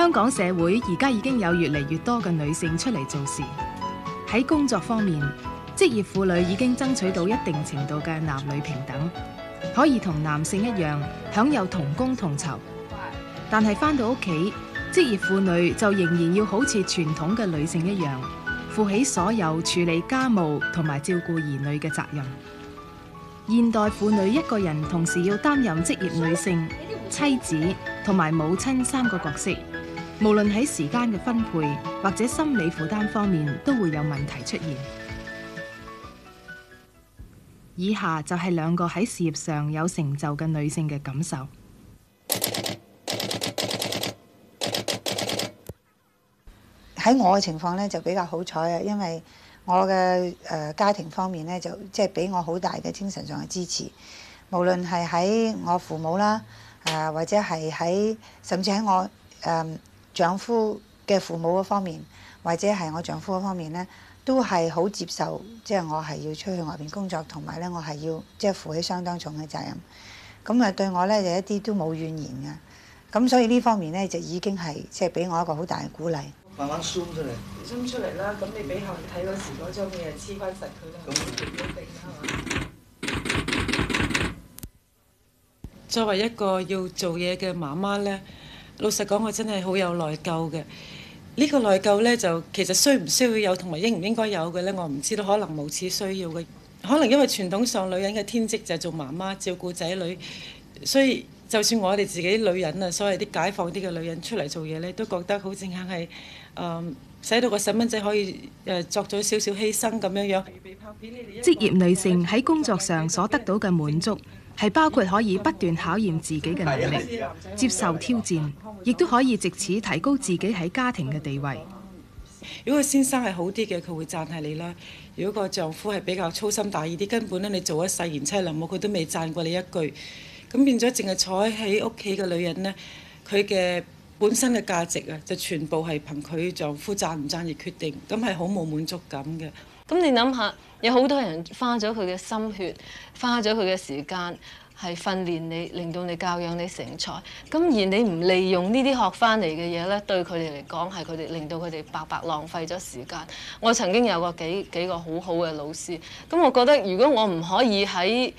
香港社會而家已經有越嚟越多嘅女性出嚟做事。喺工作方面，職業婦女已經爭取到一定程度嘅男女平等，可以同男性一樣享有同工同酬。但係返到屋企，職業婦女就仍然要好似傳統嘅女性一樣，負起所有處理家務同埋照顧兒女嘅責任。現代婦女一個人同時要擔任職業女性、妻子同埋母親三個角色。無論喺時間嘅分配或者心理負擔方面，都會有問題出現。以下就係兩個喺事業上有成就嘅女性嘅感受。喺我嘅情況呢，就比較好彩啊，因為我嘅誒家庭方面呢，就即係俾我好大嘅精神上嘅支持，無論係喺我父母啦啊，或者係喺，甚至喺我誒。嗯丈夫嘅父母嗰方面，或者係我丈夫嗰方面呢，都係好接受，即係我係要出去外邊工作，同埋呢，我係要即係負起相當重嘅責任。咁啊對我呢，就一啲都冇怨言啊。咁所以呢方面呢，就已經係即係俾我一個好大嘅鼓勵，慢慢鬆出嚟，鬆出嚟啦。咁你俾後面睇嗰時，嗰張嘢黐翻實佢啦。咁一定啦嘛。作為一個要做嘢嘅媽媽呢。老實講，我真係好有內疚嘅。呢個內疚呢，就其實需唔需要有同埋應唔應該有嘅呢？我唔知道。可能無此需要嘅，可能因為傳統上女人嘅天職就係做媽媽照顧仔女，所以就算我哋自己女人啊，所謂啲解放啲嘅女人出嚟做嘢呢，都覺得好似硬係誒，使到個細蚊仔可以誒作咗少少犧牲咁樣樣。職業女性喺工作上所得到嘅滿足。係包括可以不斷考驗自己嘅能力，接受挑戰，亦都可以借此提高自己喺家庭嘅地位。如果個先生係好啲嘅，佢會讚下你啦。如果個丈夫係比較粗心大意啲，根本咧你做一世賢妻良母，佢都未讚過你一句。咁變咗淨係坐喺屋企嘅女人呢，佢嘅。本身嘅價值啊，就全部係憑佢丈夫讚唔讚而決定，咁係好冇滿足感嘅。咁你諗下，有好多人花咗佢嘅心血，花咗佢嘅時間，係訓練你，令到你教養你成才。咁而你唔利用這些來的呢啲學翻嚟嘅嘢咧，對佢哋嚟講係佢哋令到佢哋白白浪費咗時間。我曾經有過幾幾個很好好嘅老師，咁我覺得如果我唔可以喺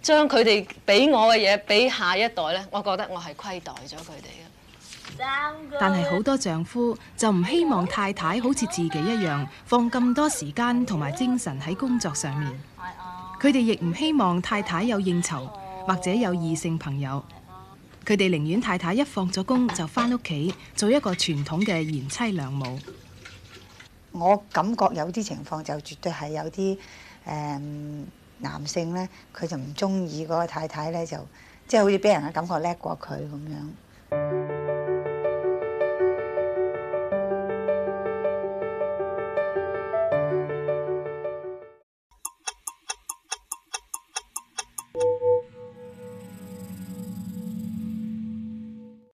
將佢哋俾我嘅嘢俾下一代咧，我覺得我係虧待咗佢哋嘅。但係好多丈夫就唔希望太太好似自己一樣放咁多時間同埋精神喺工作上面，佢哋亦唔希望太太有應酬、哎、或者有異性朋友，佢哋寧願太太一放咗工就返屋企做一個傳統嘅賢妻良母。我感覺有啲情況就絕對係有啲誒、呃、男性呢，佢就唔中意嗰個太太呢，就即係、就是、好似俾人嘅感覺叻過佢咁樣。